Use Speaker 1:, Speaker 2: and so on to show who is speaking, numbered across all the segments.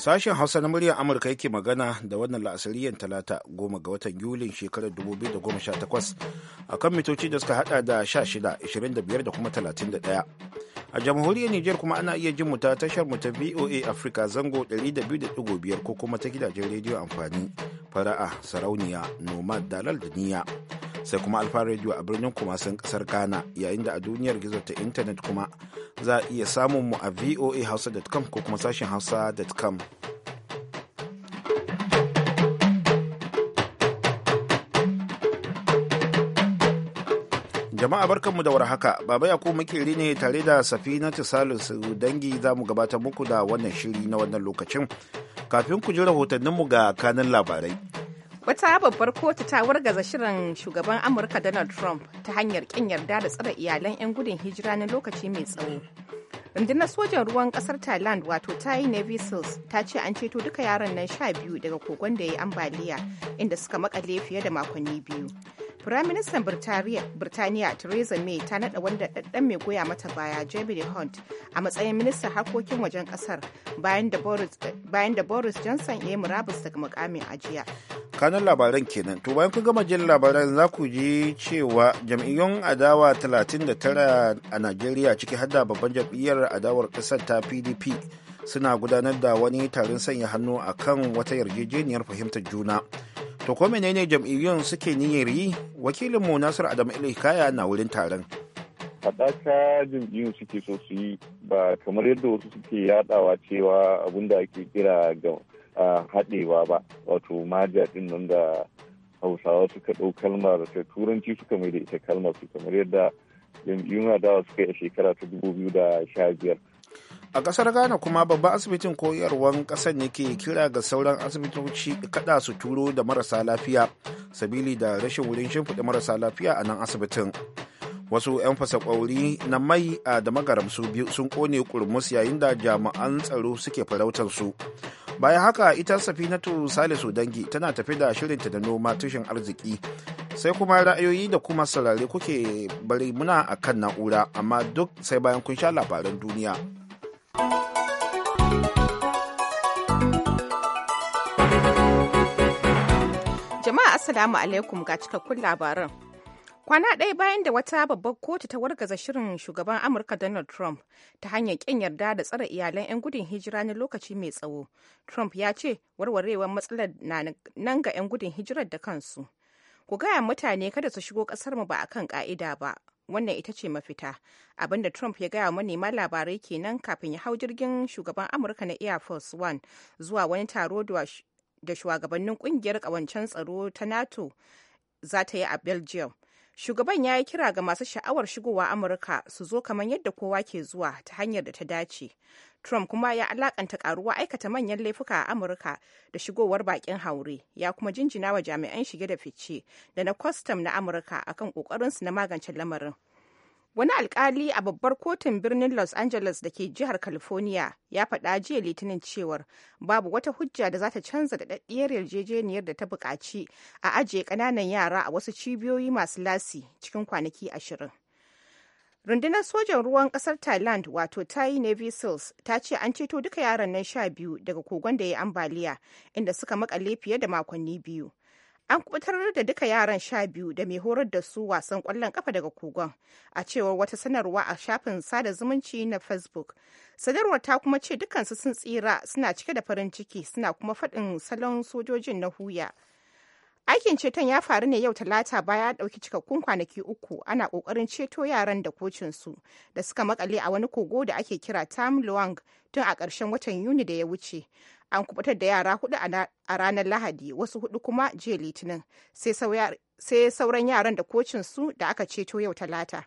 Speaker 1: Sashen Hausa na muryar Amurka yake magana da wannan la'asariyar talata goma ga watan Yulin shekarar 2018 a kan mitoci da suka hada da 16, 25 da kuma 31. A jamhuriyar Nijar kuma ana iya jin ta tashar mu ta VOA Africa zango 200.5 ko kuma ta gidajen rediyo amfani fara'a sarauniya nomad dalal da niyya. sai kuma alfa radio a birnin kumasin kasar ghana yayin da a duniyar gizo ta intanet kuma za a iya samun mu a voahausa.com ko kuma sashen hausa.com jama'a barkanmu da warhaka baba yakubu makeri ne tare da safinatu salisu dangi za mu gabatar muku da wannan shiri na wannan lokacin kafin ku ji rahotanninmu ga kanin labarai
Speaker 2: Wata babbar kotu ta wargaza shirin shugaban Amurka Donald Trump ta hanyar kin yarda da tsare iyalan 'yan gudun hijira na lokaci mai tsawo. Rundunar sojan ruwan kasar Thailand wato Thai Navy Seals ta ce an ceto duka yaran nan sha biyu daga kogon da ya yi ambaliya inda suka makale fiye da makonni biyu. Firaministan Birtaniya Theresa May ta naɗa wanda ɗaɗɗan mai goya mata baya Jeremy Hunt a matsayin ministan harkokin wajen kasar bayan da Boris Johnson ya yi murabus daga mukamin ajiya.
Speaker 1: Kanan labaran kenan. To bayan kun gama jin labaran za ku ji cewa jam'iyyun adawa 39 a Najeriya ciki hadda babban jam'iyyar adawar ƙasar ta PDP suna gudanar da wani taron sanya hannu akan wata yarjejeniyar fahimtar juna. to ko ne jam'iyyun suke niyyar yi wakilin nasir adamu ilhikaya na wurin taron
Speaker 3: haɗaka jam'iyyun suke so su yi ba kamar yadda wasu suke yaɗawa cewa abin da ake kira ga haɗewa ba wato maja ɗin nan da hausawa suka ɗau kalmar ta turanci suka mai da ita kalmar su kamar yadda jam'iyyun adawa suka yi a shekara ta dubu biyu da sha biyar
Speaker 1: a kasar ghana kuma babban asibitin koyarwar kasar ne ke kira ga sauran asibitoci kada su turo da marasa lafiya sabili da rashin wurin shimfiɗa marasa lafiya a nan asibitin wasu 'yan fasakwauri na mai a da magaramsu biyu sun kone kurmus yayin da jami'an tsaro suke farautar su bayan haka ita safinatu salisu dangi tana tafi da shirinta da noma tushen arziki sai kuma ra'ayoyi da kuma sarari kuke bari muna a kan na'ura amma duk sai bayan kun sha labaran duniya.
Speaker 2: Jama'a Assalamu alaikum ga cikakkun labaran. Kwana ɗaya bayan da wata babbar kotu ta wargaza shirin shugaban Amurka Donald Trump ta hanyar ƙin yarda da tsare iyalan 'yan gudun hijira na lokaci mai tsawo, Trump ya ce warwarewar matsalar na nan ga 'yan gudun hijirar da kansu. Ku gaya mutane kada su shigo ƙasar mu ba a kan ƙa'ida ba, wannan ita ce mafita abinda trump ya gaya manema labarai kenan kafin ya hau jirgin shugaban amurka na air force one zuwa wani taro da shugabannin kungiyar kawancen tsaro ta nato za ta yi a belgium shugaban ya yi kira ga masu sha'awar shigowa amurka su zo kamar yadda kowa ke zuwa ta hanyar da ta dace Trump kuma ya alakanta karuwa aikata manyan laifuka a Amurka da shigowar bakin haure, ya kuma jinjina wa jami'an shige da fice da na kwastam na Amurka akan kokarinsu na magance lamarin. Wani alkali a babbar kotun birnin Los Angeles da ke jihar California ya faɗa jiya litinin cewar babu wata hujja da za ta canza daɗaɗɗiyar yarjejeniyar da ta buƙaci a ajiye ƙananan yara a wasu cibiyoyi masu lasi cikin kwanaki ashirin. rundunar sojan ruwan kasar thailand wato thai navy seals ta ce an ceto duka yaran nan sha biyu daga kogon da ya ambaliya inda suka makale fiye da makonni biyu an kubutar da duka yaran sha biyu da mai horar da su wasan kwallon kafa daga kogon a cewar wata sanarwa a shafin sada zumunci na facebook sadarwar ta kuma ce dukansu sun tsira suna cike da farin ciki suna kuma faɗin salon sojojin na huya Aikin ceton ya faru ne yau talata baya ɗauki cikakkun kwanaki uku ana ƙoƙarin ceto yaran da kocinsu da suka makale a wani kogo da ake kira Tam Luang tun a ƙarshen watan Yuni da ya wuce. An kubutar da yara hudu a ranar Lahadi wasu hudu kuma jiya Litinin sai sauran yaran da kocinsu da aka ceto yau talata.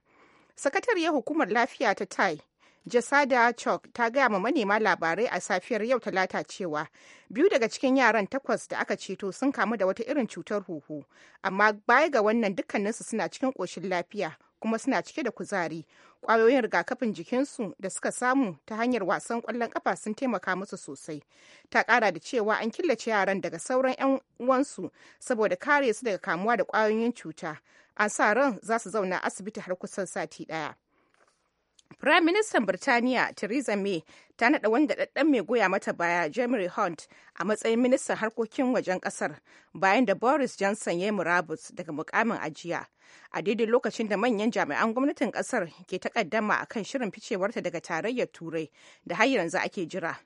Speaker 2: Sakatariyar hukumar lafiya ta Tai Jasada Chok ta gaya ma manema labarai a safiyar yau talata cewa biyu daga cikin yaran takwas da aka ceto sun kamu da wata irin cutar huhu, amma baya ga wannan dukkaninsu suna cikin ƙoshin lafiya kuma suna cike da kuzari. Ƙwayoyin rigakafin jikinsu da suka samu ta hanyar wasan ƙwallon ƙafa sun taimaka musu sosai. Ta ƙara da cewa an killace yaran daga sauran 'yan uwansu saboda kare su daga kamuwa da kwayoyin cuta. An sa ran za su zauna asibiti har kusan sati ɗaya. Firaministan Birtaniya Theresa May ta naɗa wanda ɗaɗɗan mai goya mata baya Jeremy Hunt a matsayin ministan harkokin wajen ƙasar bayan da Boris Johnson ya yi murabus daga mukamin ajiya. A daidai lokacin da manyan jami'an gwamnatin ƙasar ke takaddama a kan shirin ficewarta daga tarayyar Turai da har yanzu ake jira.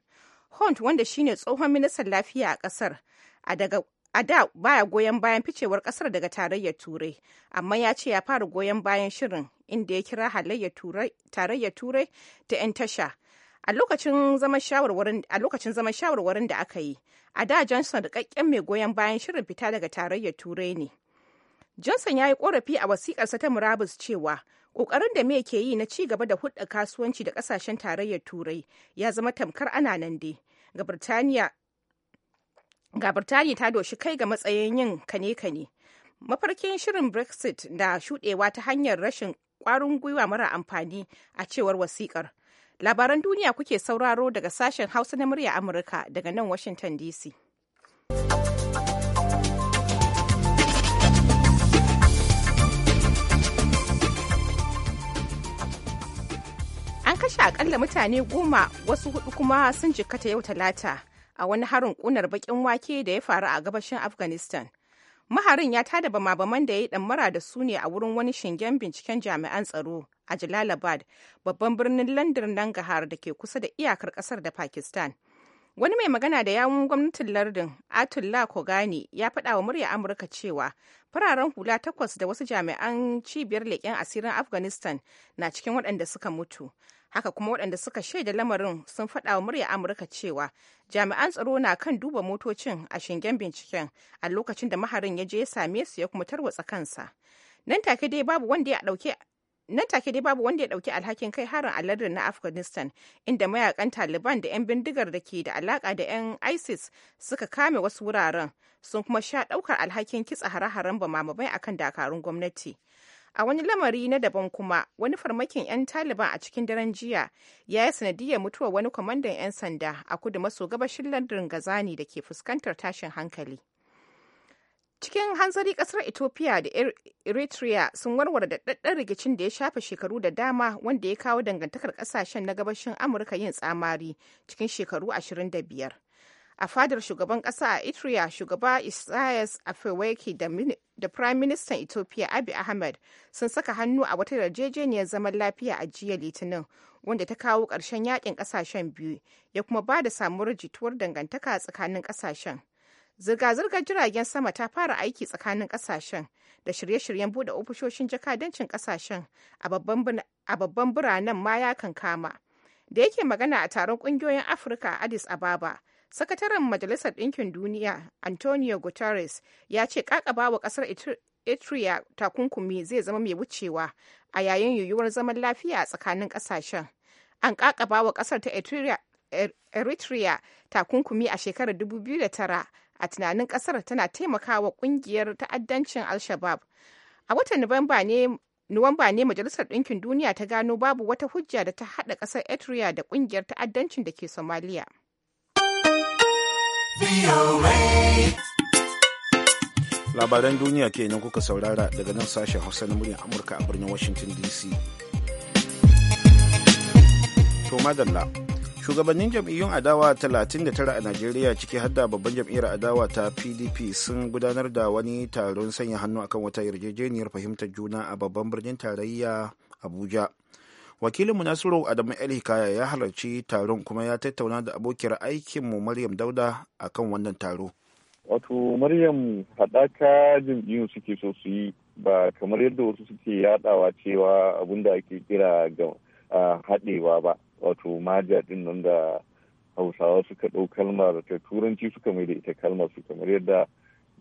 Speaker 2: Hunt wanda shine tsohon ministan lafiya a ƙasar a daga a da baya goyon bayan ficewar kasar daga tarayyar turai amma ya ce ya fara goyon bayan shirin inda ya kira halayyar tarayyar turai ta 'yan tasha a lokacin zaman shawarwarin da aka yi a da johnson rikakken mai goyon bayan shirin fita daga tarayyar turai ne johnson ya yi korafi a wasikarsa ta murabus cewa ƙoƙarin da mai ke yi na ci gaba da hulɗa kasuwanci da ƙasashen tarayyar turai ya zama tamkar ana nan dai ga birtaniya ga birtaniya ta doshi kai ga matsayin yin kane-kane mafarkin shirin brexit da shudewa ta hanyar rashin kwarin gwiwa mara amfani a cewar wasiƙar labaran duniya kuke sauraro daga sashen hausa na murya amurka daga nan washington dc an kashe akalla mutane goma wasu hudu kuma sun jikkata yau talata a wani harin kunar bakin wake da ya faru a gabashin afghanistan maharin ya tada bama-baman da ya yi ɗammara da su ne a wurin wani shingen binciken jami'an tsaro a jalalabad babban birnin Landan nangahar da ke kusa da iyakar ƙasar da pakistan wani mai magana da yawun gwamnatin lardin atullah kogani ya faɗa wa murya amurka cewa fararen hula takwas da wasu jami'an cibiyar leƙen asirin afghanistan na cikin waɗanda suka mutu haka kuma waɗanda suka shaida lamarin sun faɗa wa murya amurka cewa jami'an tsaro na kan duba motocin a shingen binciken a lokacin da maharin ya je ya same su ya kuma tarwatsa kansa nan take dai babu wanda ya ɗauke nan alhakin kai harin aladar na afghanistan inda mayakan taliban da 'yan bindigar da ke da alaka da 'yan isis suka kame wasu wuraren sun kuma sha ɗaukar alhakin kitsa hare-haren mamabai akan dakarun gwamnati a wani lamari na daban kuma wani farmakin 'yan taliban a cikin daren jiya ya yi sanadiyar mutuwar wani kwamandan 'yan sanda a kudu maso gabashin lardin gazani da ke fuskantar tashin hankali cikin hanzari kasar ethiopia da eritrea sun warware da daɗaɗɗen rikicin da ya shafe shekaru da dama wanda ya kawo dangantakar ƙasashen na gabashin amurka yin tsamari cikin shekaru 25 a fadar shugaban ƙasa a itria shugaba Isaias afeweki da Prime Minister Ethiopia Abiy Ahmed sun saka hannu a wata yarjejeniyar zaman lafiya a jiya Litinin wanda ta kawo ƙarshen yakin ƙasashen biyu ya kuma ba da samuwar jituwar dangantaka tsakanin ƙasashen. Zirga-zirgar jiragen sama ta fara aiki tsakanin ƙasashen da shirye-shiryen buɗe ofishoshin jakadancin ƙasashen a babban biranen ma ya kankama. Da yake magana a taron ƙungiyoyin Afirka a Addis Ababa, sakataren majalisar ɗinkin duniya antonio guterres ya ce kakaba ƙasar etria takunkumi zai zama mai wucewa a yayin yiwuwar zaman lafiya a tsakanin ƙasashen an kakaba ƙasar ta er-, eritrea takunkumi a shekarar 2009 a tunanin ƙasar tana taimakawa ƙungiyar ta'addancin alshabab a watan nuwamba ne Nuwamba ne Majalisar Ɗinkin Duniya ta gano babu wata hujja da ta haɗa ƙasar Eritrea da ƙungiyar ta'addancin da ke Somalia.
Speaker 1: Labaran duniya ke kenan kuka saurara daga nan sashen Hausa na muryar Amurka a birnin Washington DC. To madalla. shugabannin jam'iyyun adawa 39 a najeriya ciki hadda babban jam'iyyar adawa ta pdp sun gudanar da wani taron sanya hannu akan wata yarjejeniyar fahimtar juna a babban birnin tarayya abuja wakilinmu nasiru adamu el hikaya ya halarci taron kuma ya tattauna da abokiyar aikinmu maryam dauda akan wannan taro
Speaker 3: wato maryam haɗaka jam'iyyu suke so su yi ba kamar yadda wasu suke yadawa cewa abin da ake kira ga haɗewa ba wato maja ɗin nan da hausawa suka ɗau kalmar ta turanci suka mai da ita kalmar su kamar yadda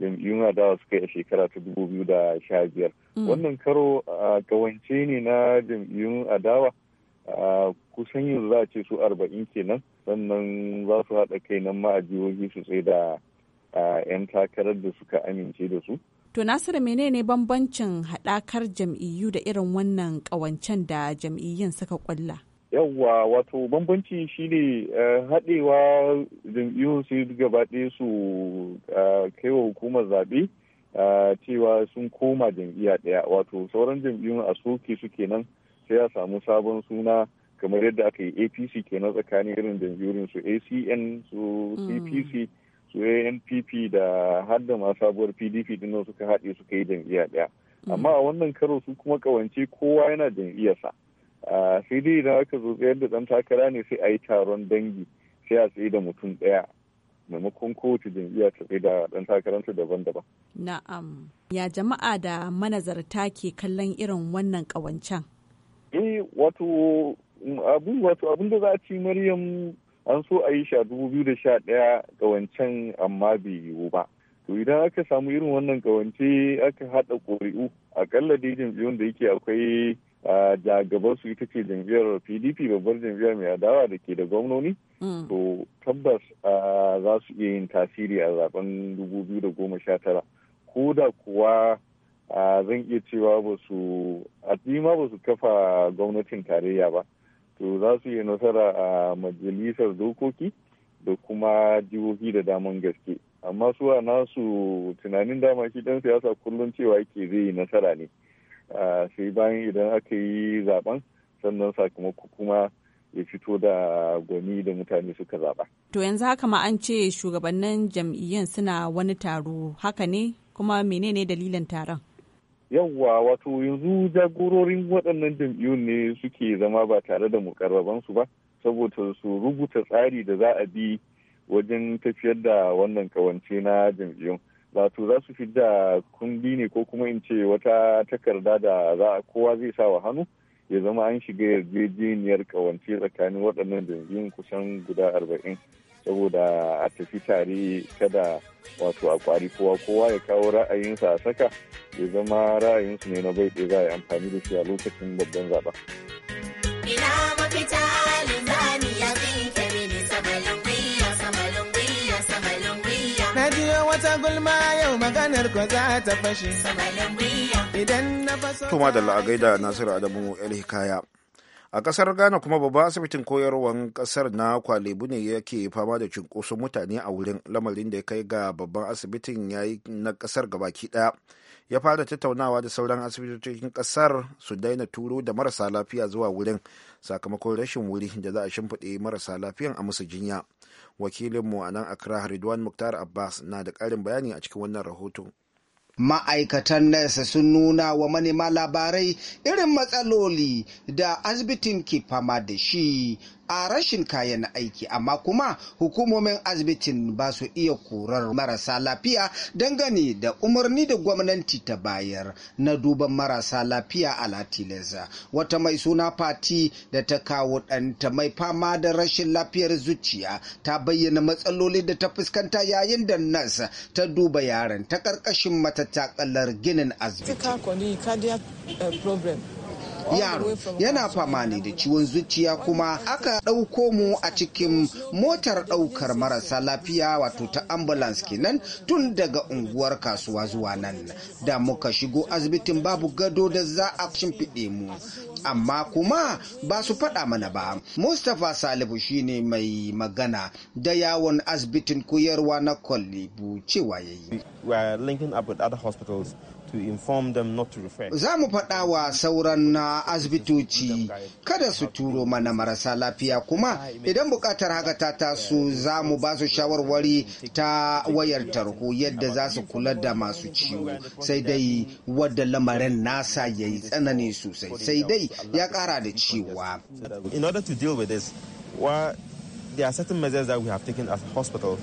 Speaker 3: jam'iyyun adawa suka yi a shekara ta dubu biyu da sha biyar mm. wannan karo a kawance ne na jam'iyyun adawa a kusan yanzu za a ce su arba'in kenan sannan za su haɗa kai nan ma a jihohi su sai da 'yan takarar da suka amince da su
Speaker 2: To Nasiru menene bambancin haɗakar jam'iyyu da irin wannan ƙawancen da jam'iyyun suka ƙulla?
Speaker 3: yawwa wato bambanci shine eh, haɗewa jam'iyyu su gaba ɗaya su eh, kaiwa hukumar zaɓe eh, cewa sun koma jam'iyya ɗaya wato sauran jam'iyyun a soke su kenan sai a samu sabon suna kamar yadda aka yi apc kenan tsakanin irin jam'iyyun su acn su cpc mm. su anpp da har ma sabuwar pdp din suka haɗe suka yi jam'iyya ɗaya mm. amma a wannan karo su kuma kawance kowa yana jam'iyyarsa a dai idan aka zo da dan takara ne sai a yi taron dangi sai a tsaye da mutum ɗaya maimakon kowace jam'iyya ta tsaye da dan takaranta daban-daban.
Speaker 2: Na'am. Ya jama'a da manazarta ke kallon irin wannan ƙawancen? Eh
Speaker 3: wato mm, abin da za a ci Maryam an so a yi sha dubu biyu da sha ɗaya ƙawancen amma bai yiwu ba. to idan aka samu irin wannan kawance aka haɗa ƙuri'u akalla dai jam'iyyun da yake akwai da gaban su ita ce jam'iyyar pdp babbar jam'iyyar mai adawa da ke da gwamnoni mm. to tabbas za su iya yin tasiri a zaben 2019 ko da kuwa zan iya cewa ba su a ba su kafa gwamnatin tarayya ba to za su yi nasara a majalisar dokoki da kuma jihohi da daman gaske amma su a nasu tunanin dama shi dan siyasa kullum cewa yake zai yi nasara ne. sai bayan idan aka yi zaben sannan sakamako kuma ya fito da gwani da mutane suka zaɓa.
Speaker 2: To yanzu haka ma an ce shugabannin jam'iyyun suna wani taro haka ne kuma menene dalilin taron?
Speaker 3: Yawwa wato yanzu jagororin waɗannan jam'iyyun ne suke zama ba tare da mukarrabansu ba saboda su rubuta tsari da za a bi wajen tafiyar da wannan kawance na jam'iyyun. wato za su fidda kundi ne ko kuma in ce wata takarda da za kowa zai sa wa hannu ya zama an shiga yarjejeniyar kawance tsakanin waɗannan dangin kusan guda arba'in saboda a tafi tare kada wato a kwari kowa kowa ya kawo ra'ayinsa a saka ya zama ra'ayinsu ne na bai za a yi amfani da shi a lokacin babban zaɓen.
Speaker 2: Ina mafita wata gulma yau maganar ko za ta fashe. Idan na faso. Tuma
Speaker 1: da la'agaida Nasiru Adamu El Hikaya. A kasar Ghana kuma babban asibitin koyarwan kasar na Kwalebu ne yake fama da cunkoson mutane a wurin lamarin da ya kai ga babban asibitin yayi na kasar gabaki ɗaya. ya fara tattaunawa da sauran asibitocin kasar su daina turo da marasa lafiya zuwa wurin sakamakon rashin wuri da za a shimfiɗe marasa lafiyan a musu jinya
Speaker 4: wakilinmu a nan akra ridwan muktar abbas na da ƙarin bayani a cikin wannan rahoto ma'aikatan nesa sun nuna wa manema labarai irin matsaloli da asibitin ke fama da shi a rashin kayan aiki amma kuma hukumomin asibitin ba su iya korar marasa lafiya dangane da umarni da gwamnati ta bayar na duban marasa lafiya a latilesa wata mai suna fati da ta kawo ɗanta mai fama da rashin lafiyar zuciya ta bayyana matsaloli da ta fuskanta yayin da nas ta duba yaron ta ƙarƙashin matattakalar ginin asibiti.
Speaker 2: yaro yana
Speaker 4: fama ne da ciwon zuciya kuma aka ɗauko mu a cikin motar ɗaukar marasa lafiya wato ta ambulance kenan tun daga unguwar kasuwa zuwa nan da muka shigo asibitin babu gado da za a shimfiɗe mu amma kuma ba su faɗa mana ba mustapha salihu shine mai magana da yawon asibitin koyarwa na kwalibu cewa yayi
Speaker 1: yi.
Speaker 4: Za mu faɗa wa sauran asibitoci kada su turo mana marasa lafiya kuma idan buƙatar haka ta taso za mu ba su shawarwari ta wayar tarho yadda za su kula da masu ciwo sai dai wadda lamarin nasa ya yi tsanani sosai sai dai ya ƙara da cewa. In order to deal with this, there are certain measures that we have taken as hospital,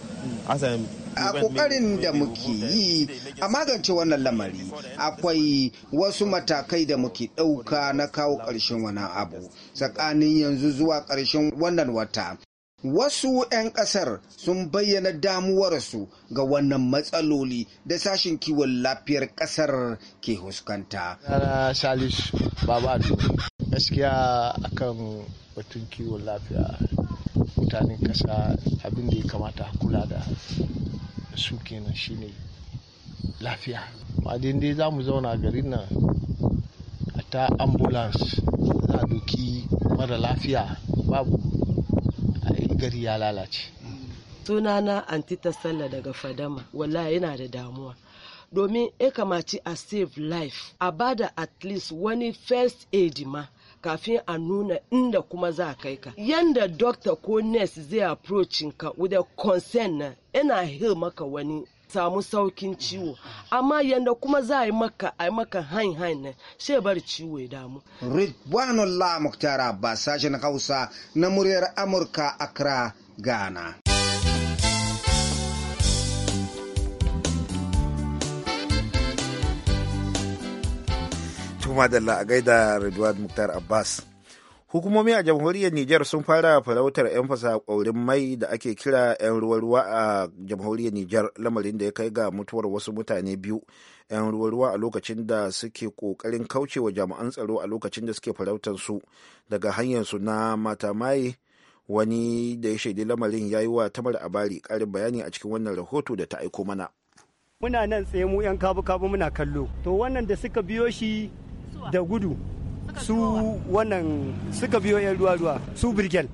Speaker 4: as a um, a kokarin da muke yi a magance wannan lamari akwai wasu matakai da muke ɗauka na kawo ƙarshen wannan abu tsakanin yanzu zuwa ƙarshen wannan wata Wasu 'yan ƙasar sun bayyana damuwar su ga wannan matsaloli da sashen kiwon lafiyar ƙasar ke huskanta. Yana Salisu gaskiya akan batun kiwon lafiya mutanen ƙasa abin da ya
Speaker 5: kamata a kula da su kenan shine lafiya ma dai za mu zauna garin nan a ta ambulance za a doki mara lafiya babu a
Speaker 4: gari ya lalace sunana antita sallah daga fadama walla yana da damuwa domin ya kamaci a save life a bada at least wani first aid ma kafin a nuna inda kuma za kai ka yanda doctor ko nurse zai approachin ka with a concern na yana hil maka wani samu saukin ciwo amma yanda kuma za a yi maka a yi maka hain hain na sai bar ciwo ya damu ridwanullah muktar abbas sashen hausa na muryar amurka accra gana.
Speaker 1: madalla a gaida Ridwan Muktar Abbas. Hukumomi a jamhuriyar Nijar sun fara farautar 'yan fasa ƙaurin mai da ake kira 'yan ruwa-ruwa a jamhuriyar Nijar lamarin da ya kai ga mutuwar wasu mutane biyu 'yan ruwa-ruwa a lokacin da suke ƙoƙarin kaucewa jami'an tsaro a lokacin da suke farautar su daga hanyarsu na mata mai wani da ya shaidi lamarin ya yi wa tamar abari ƙarin bayani a cikin wannan rahoto da ta aiko mana.
Speaker 5: muna nan tsaye mu yan kabu kabu muna kallo to wannan da suka biyo shi da gudu su wannan suka biyo 'yan ruwa-ruwa su birgel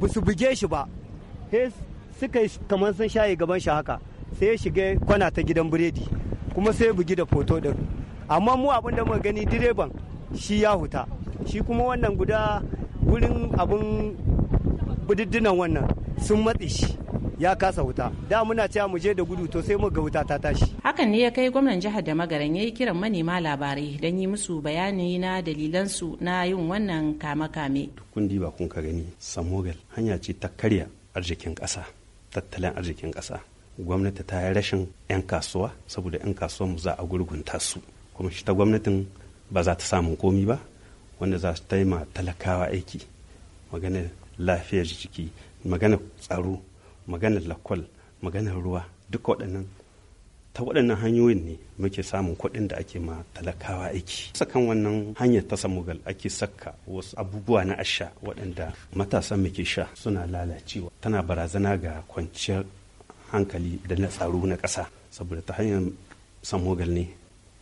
Speaker 5: ba su buge shi ba suka yi kamar sun shaye gaban shi haka sai ya shiga kwana ta gidan biredi kuma sai ya bugi da foto din amma mu abin da muka gani direban shi ya huta shi kuma wannan guda wurin abin budiddinan wannan sun matse shi ya kasa wuta da muna cewa mu je da gudu to sai mu ga wuta ta tashi
Speaker 2: hakan ne ya kai gwamnan jihar da magaran yayi kiran manema labarai dan yi musu bayani na dalilan su na yin wannan kame kame
Speaker 5: kun ba kun ka gani samogal hanya ce ta karya arzikin ƙasa tattalin arzikin ƙasa gwamnati ta yi rashin 'yan kasuwa saboda 'yan kasuwa mu za a gurgunta su kuma shi ta gwamnatin ba za ta samu komi ba wanda za su taima talakawa aiki magana lafiyar jiki magana tsaro maganar lakwal maganar ruwa duka waɗannan ta waɗannan hanyoyin ne muke samun kuɗin da ake ma talakawa aiki sakan wannan hanyar ta samugal ake saka wasu abubuwa na asha waɗanda matasan muke sha suna lalacewa tana barazana ga kwanciyar hankali da na tsaro na ƙasa saboda ta hanyar samugal ne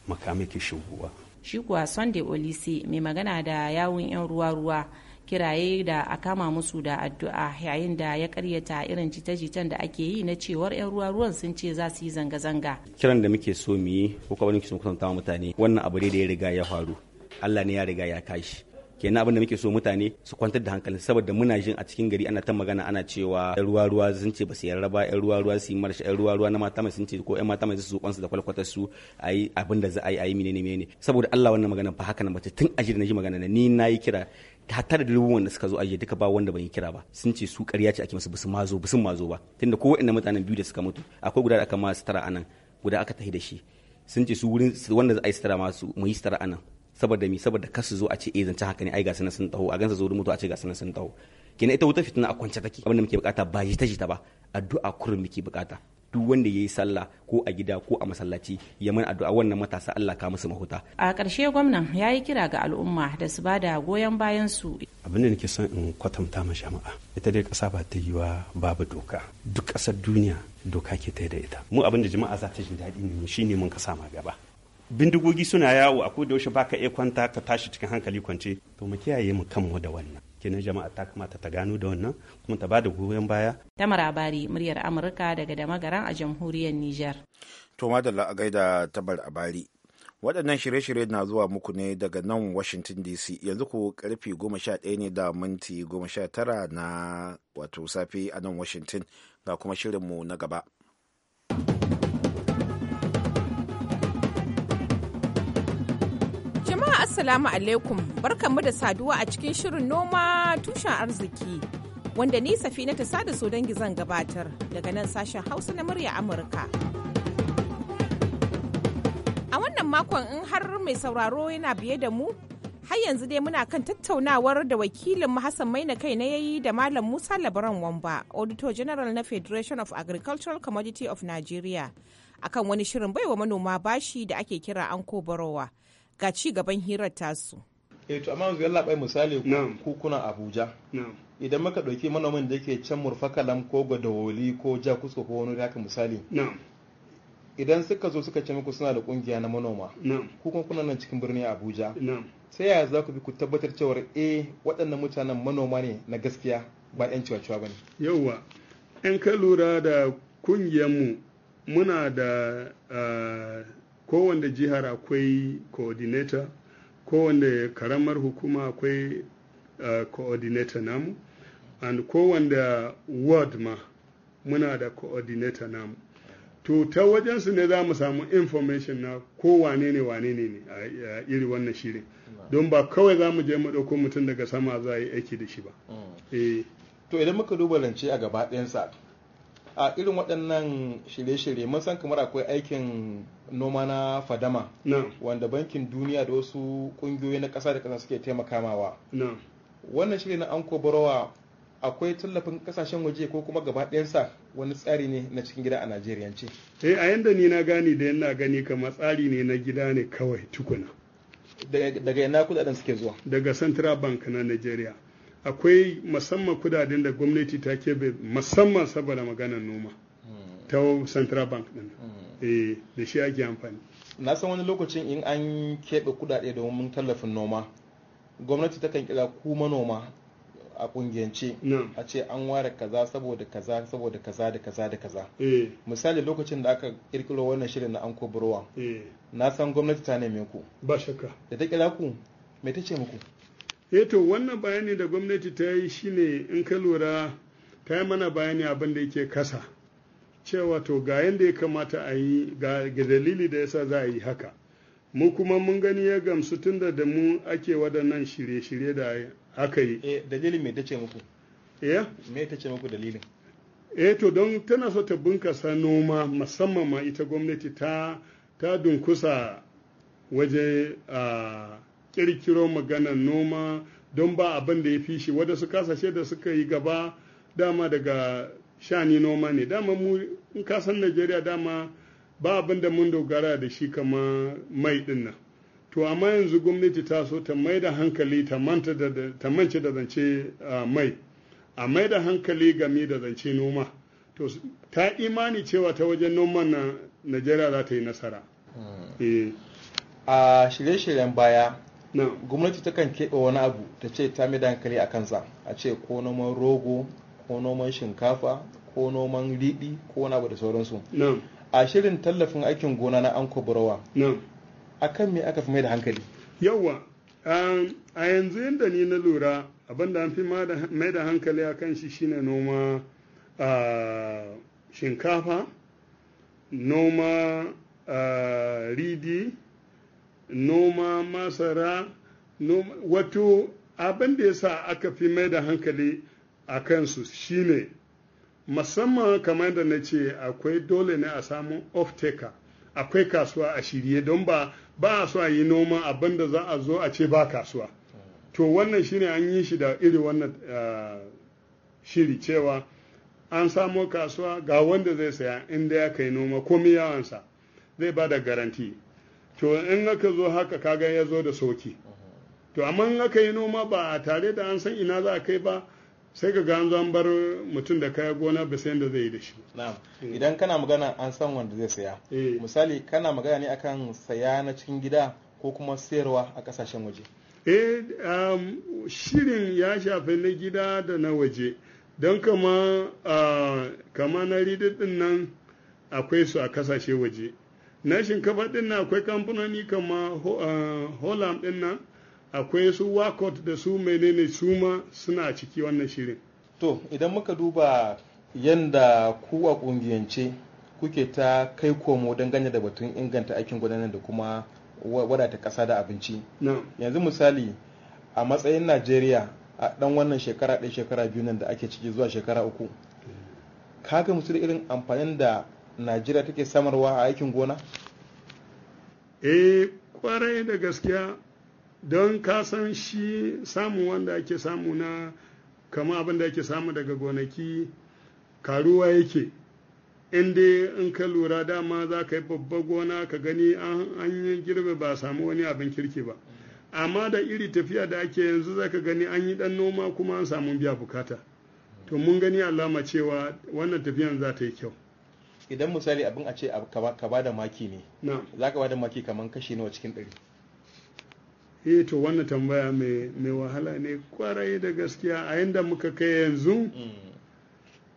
Speaker 5: makamai ke shigowa
Speaker 2: shi kuwa sunday olise mai magana da yawun 'yan ruwa-ruwa kiraye da a kama musu da addu'a yayin da ya karyata irin jita-jitan da ake yi na cewar 'yan ruwa ruwan sun ce za su yi zanga-zanga.
Speaker 5: Kiran da muke so mu yi ko kuma muke so mu kusanta mutane wannan abu ne da ya riga ya faru. Allah ne ya riga ya kashi. kenan abin da muke so mutane su kwantar da hankali saboda muna jin a cikin gari ana ta magana ana cewa yan ruwa ruwa sun ce ba su yarda ba yan ruwa ruwa su yi marasha yan ruwa ruwa na mata mai sun ce ko yan mata mai su kwansu da kwalkwatar su ayi abin da za a yi ayi menene menene saboda Allah wannan magana ba haka nan ba tun a na ji magana ni na yi kira hatta da dalibuwan da suka zo ajiye duka ba wanda ban yi kira ba sun ce su ƙarya ce ake masa bisu mazo bisu mazo ba tunda ko waɗannan mutanen biyu da suka mutu akwai guda da aka masu tara anan guda aka tahi da shi sun ce su wurin wanda za a yi sutura masu mu yi sutura anan saboda mi saboda kar su zo a ce eh zancen haka ne ai ga sanan sun taho a gansa zo mutu a ce ga sanan sun taho kenan ita wuta fitina a kwance take abinda muke bukata ba yi ta ji ta ba addu'a kurin muke bukata duk wanda ya yi sallah ko a gida ko a masallaci ya mana addu'a wannan matasa Allah ka musu mahuta.
Speaker 2: A ƙarshe gwamnan ya yi kira ga al'umma da su ba da goyon bayan su.
Speaker 5: Abin da nake son in kwatanta ma jama'a ita dai ƙasa ba ta yi wa babu doka duk ƙasar duniya doka ke ta da ita. Mu abin da jama'a za ta ji daɗi ne ne mun ka sama gaba. bindigogi suna yawo a koda yaushe baka iya kwanta ka tashi cikin hankali kwance to mu kiyaye mu kanmu da wannan kenan jama'a ta kamata ta gano da wannan kuma ta bada goyon baya
Speaker 2: tamara abari muryar amurka daga dama garan a jamhuriyar niger
Speaker 1: to madalla a gaida tabar abari waɗannan shirye-shirye na zuwa muku ne daga nan washington dc yanzu ku sha ɗaya ne da minti goma sha tara na wato safe a nan washington ga kuma shirinmu na gaba
Speaker 2: Assalamu alaikum barkanmu da saduwa a cikin shirin noma tushen arziki wanda ni safina ta sada so dangi zan gabatar daga nan sashen hausa na murya Amurka. A wannan makon in har mai sauraro yana biye da mu har yanzu dai muna kan tattaunawar da wakilin Hassan Maina kai na yayi da Malam Musa Labaran Wamba, Auditor General na Federation of Agricultural Commodity of Nigeria, akan wani shirin baiwa manoma bashi da ake kira Anko Barowa. ga ci gaban hirar tasu.
Speaker 6: eh to amma yanzu yalla bai misali ku kuna Abuja idan muka dauki manomin da yake can Murfakalam ko Gadawoli ko Jakusko ko wani haka misali idan suka zo suka ce muku suna da kungiya na manoma ku kuma kuna nan cikin birni Abuja sai yaya za ku bi ku tabbatar cewa eh waɗannan mutanen manoma ne na gaskiya ba yan ciwaciwa bane
Speaker 7: yauwa in ka lura da kungiyarmu muna da ah, kowanne jihar akwai coordinator kowanne karamar hukuma akwai uh, coordinator namu and kowanne ward ma muna da coordinator namu to ta wajensu ne za mu samu information na ko wane ne wane ne ne a iri wannan shirin don ba kawai za mu je mu ɗauko mutum
Speaker 6: daga sama za a yi aiki da shi ba mm. eh. to idan muka duba lance a gaba ɗayansa a irin waɗannan shirye-shirye mun san kamar akwai aikin noma na fadama wanda bankin duniya da wasu ƙungiyoyi na ƙasa da ƙasa suke taimakawa wannan shirye na anko borowa akwai tallafin ƙasashen waje ko kuma gaba ɗayansa wani tsari ne na cikin gida a ce.
Speaker 7: eh a yanda ni na gane da yana gani kama tsari ne na gida ne kawai tukuna
Speaker 6: daga yana kudaden suke zuwa
Speaker 7: daga central bank na Najeriya. akwai musamman kudaden da gwamnati ta keɓe musamman saboda
Speaker 6: maganar noma ta central bank din mm. eh, da shi ake amfani na san wani lokacin in an keɓe kudade domin tallafin noma gwamnati takan kira ku manoma a kungiyance a ce an ware kaza saboda kaza saboda kaza da kaza da kaza eh. misali lokacin da aka kirkiro wannan shirin na an kobarwa eh. na san gwamnati ta neme ku ba shakka da ta kira ku me ta ce muku Eh to
Speaker 7: wannan bayani da gwamnati ta yi shine in ka lura ta yi mana bayani abin da yake kasa cewa to ga yadda ya kamata a yi ga dalili da yasa za a yi haka mu kuma mun gani ya gamsu tunda da mu ake waɗannan shirye-shirye da aka yi eh dalilin me tace muku eh me tace muku dalilin e to don tana so ta bunkasa noma musamman ma ita gwamnati ta ta dunkusa waje a uh, kirkiro maganar noma don ba abin da ya fi shi wadda su kasashe da suka yi gaba dama daga shani noma ne dama mu in kasan najeriya dama ba abin da mun dogara da shi kama mai ɗin nan to amma yanzu gwamnati ta so ta mai da hankali ta mance da zance mai a mai da hankali game da zance noma to ta imani cewa ta wajen noman na najeriya za ta yi nasara
Speaker 6: hmm. eh. a shirye-shiryen baya gwamnati takan keɓe wani abu ta ce ta mai dankali a kansa a ce ko noman rogo ko noman shinkafa ko noman riɗi ko wani abu da sauransu a shirin tallafin aikin gona na anko a kan me aka fi mai da hankali yawa um, a yanzu yadda ni na
Speaker 7: lura abinda an fi mai da hankali a kan shi shine noma shinkafa noma ridi noma masara wato abin da ya sa aka fi mai da hankali a kansu shine musamman kamar da na ce akwai dole ne a samu off-taker akwai kasuwa a shirye don ba ba a so a yi noma abin da za a zo a ce ba kasuwa to wannan shine an yi shi da iri wannan eh, shiri cewa an samo kasuwa ga wanda zai saya inda ya kai noma komi yawansa zai ba da garanti to in aka zo haka kaga ya zo da sauki to amma in aka yi noma ba a tare da an san ina za a kai ba sai ka an an bar mutum da kaya gona ba sai da zai yi
Speaker 6: da shi idan kana magana an san wanda zai saya eh. misali kana magana ne akan saya na cikin gida ko kuma sayarwa a kasashen waje
Speaker 7: eh um, shirin ya shafi na gida da na waje don kama uh, na ridin nan akwai su a kasashe waje na shinkafa din nan akwai kamfanoni kama ah, holam din nan akwai su wakot da su menene
Speaker 6: su ma suna ciki wannan shirin to idan muka duba yadda ku a kungiyance kuke ta kai komo dangane da batun inganta aikin gudanar da kuma wadata kasa da abinci yanzu misali a matsayin najeriya a ɗan wannan shekara ɗaya shekara biyu nan da ake ciki zuwa shekara uku kaga musu da irin amfanin da najeriya take samarwa a aikin gona eh kwarai da gaskiya don kasan shi samun wanda
Speaker 7: ake samu na kama abin da ake samu daga gonaki karuwa yake in dai in ka lura dama za ka yi babban gona ka gani an yi girbe ba samu wani abin kirki ba amma da iri tafiya da ake yanzu za ka gani an yi dan noma kuma an samu biya bukata to mun gani alama cewa wannan tafiyan za ta yi kyau
Speaker 6: idan misali abin a ce ka ba da maki ne za ka ba da maki kamar kashi nawa cikin ɗari
Speaker 7: eh to wannan tambaya mai wahala ne kwarai da gaskiya a yadda muka kai yanzu mm.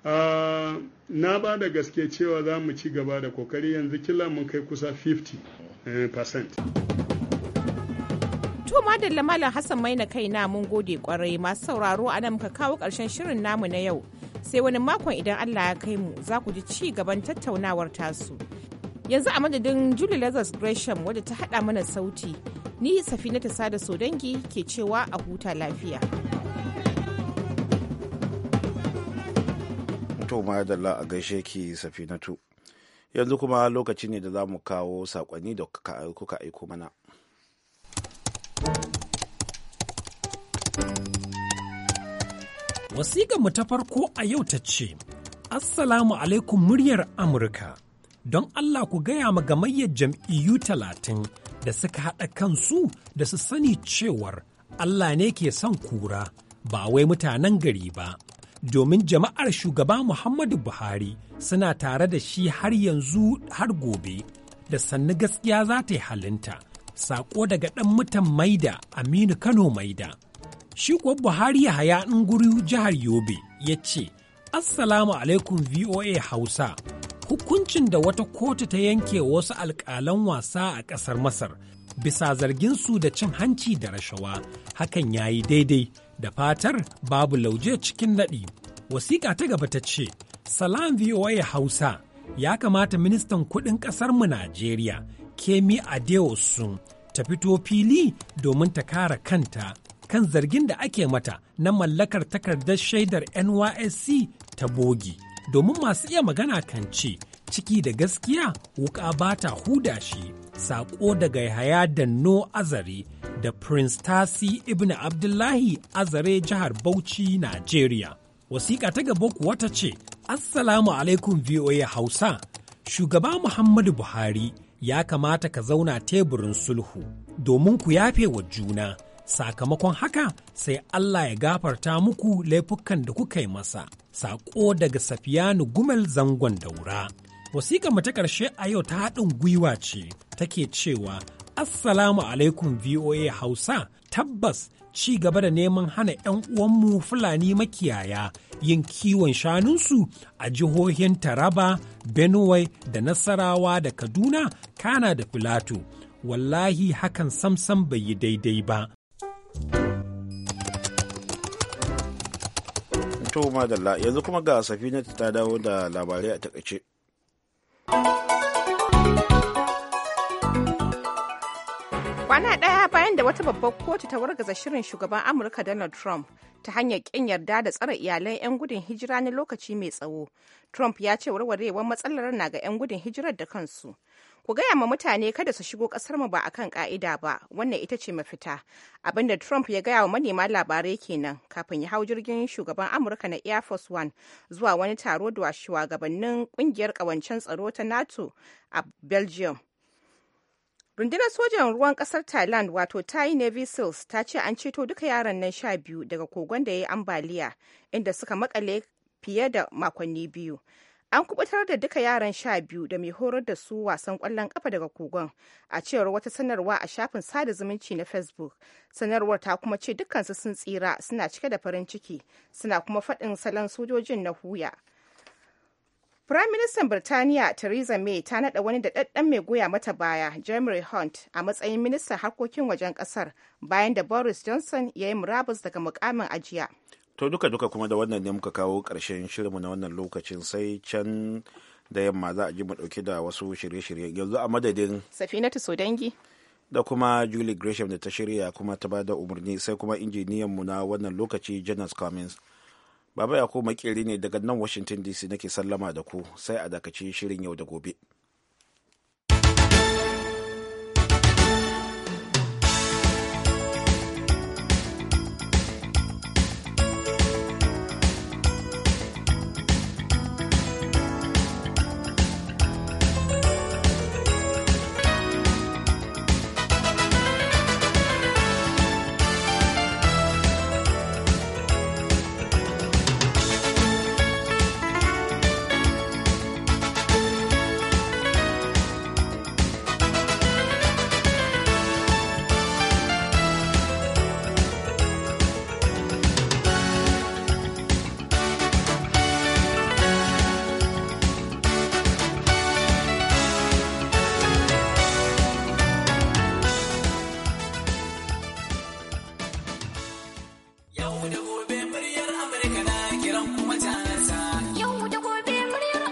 Speaker 7: ah, na ba da gaske cewa za mu ci gaba da kokari yanzu kila mun kai kusa 50% eh,
Speaker 2: to madalla malam hassan maina kaina mun gode kwarai masu sauraro ana muka kawo ƙarshen shirin namu na yau sai wani makon idan Allah ya kai mu za ku ji ci gaban tattaunawar tasu. Yanzu a madadin Julie Lazarus Gresham wadda ta haɗa mana sauti, ni safina ta sada sodangi ke cewa a huta lafiya.
Speaker 1: To madalla a gaishe ki safinatu. Yanzu kuma lokaci ne da za mu kawo saƙonni da kuka
Speaker 8: aiko mana. mu ta farko a yau ta ce, Assalamu alaikum muryar Amurka, don Allah ku gaya ma gamayyar jam'iyyu talatin da suka haɗa kansu da su sani cewar Allah ne ke son kura, ba wai mutanen gari ba. Domin jama'ar shugaba Muhammadu Buhari suna tare da shi har yanzu har gobe, da sannu gaskiya za ta yi halinta. saƙo daga ɗan mutan Maida, Aminu Kano Maida. Shi kuwa Buhari Yahaya Guri jihar Yobe ya ce, Assalamu alaikum VOA Hausa. Hukuncin da wata kotu ta yanke wasu alƙalan wasa a ƙasar Masar bisa zargin su da cin hanci da rashawa hakan ya yi daidai da fatar babu lauje cikin daɗi. Wasiƙa ta gaba ta ce, Salam VOA Hausa ya kamata ministan kuɗin mu Najeriya Kemi Adeosun ta fito fili domin ta kare kanta kan zargin da ake mata na mallakar takardar shaidar NYSC ta bogi. Domin masu iya magana kan ce, ciki da gaskiya wuka ba ta huda shi, saƙo daga Yahaya da No Azare da Prince Tasi Ibn Abdullahi Azare jihar Bauchi, Najeriya. Wasiƙa ta gaba kuwa ta ce, Assalamu alaikum VOA Hausa, shugaba Muhammadu Buhari ya kamata ka zauna teburin sulhu domin ku yafe wa juna. sakamakon haka sai Allah ya gafarta muku laifukan da kuka yi masa, saƙo daga Safiyanu Gumel zangon da daura. mu ta ƙarshe a yau ta haɗin gwiwa ce take cewa Assalamu alaikum VOA Hausa tabbas ci gaba da neman hana 'yan uwanmu Fulani makiyaya yin kiwon shanunsu a jihohin Taraba, Benue da Nasarawa da Kaduna kana da Filato. Wallahi hakan samsam bai yi daidai ba.
Speaker 1: to madalla yanzu kuma ga safina ta dawo da labarai a takaice
Speaker 2: kwana ɗaya bayan da wata babbar kotu ta wargaza shirin shugaban amurka donald trump ta hanyar ƙin yarda da tsare iyalan 'yan gudun hijira na lokaci mai tsawo trump ya ce warwarewar matsalar na ga 'yan gudun hijirar da kansu ku gaya ma mutane kada su shigo kasar mu ba kan ka'ida ba wannan ita ce mafita abinda trump ya gaya wa manema labarai kenan kafin ya hau jirgin shugaban amurka na air force one zuwa wani taro da shugabannin kungiyar kawancen tsaro ta nato a belgium rundunar sojan ruwan kasar thailand wato thai navy seals e ta ce an ceto duka yaran nan sha biyu daga kogon da ya yi ambaliya inda suka makale fiye da makonni biyu An kubutar da duka yaran sha biyu da mai horar da su wasan kwallon kafa daga kogon a cewar wata sanarwa a shafin sada zumunci na Facebook. Sanarwar ta kuma ce dukkansu sun tsira suna cike da farin ciki suna kuma faɗin salon sojojin na huya. Firaministan Birtaniya Theresa May ta nada wani da daɗaɗɗen mai goya mata baya, Jeremy Hunt, a matsayin ministan harkokin wajen ƙasar bayan da Boris Johnson ya yi murabus daga mukamin ajiya.
Speaker 1: to duka duka kuma da wannan ne muka kawo ƙarshen shirinmu na wannan lokacin sai can da yamma za a ji mu ɗauki da wasu shirye-shirye yanzu a madadin
Speaker 2: safinatu dangi.
Speaker 1: da kuma julie gresham da ta shirya kuma ta bada umarni sai kuma injiniyan mu na wannan lokaci janus cummins baba ya ko makeri ne daga nan washington dc nake sallama da ku sai a dakaci shirin yau da gobe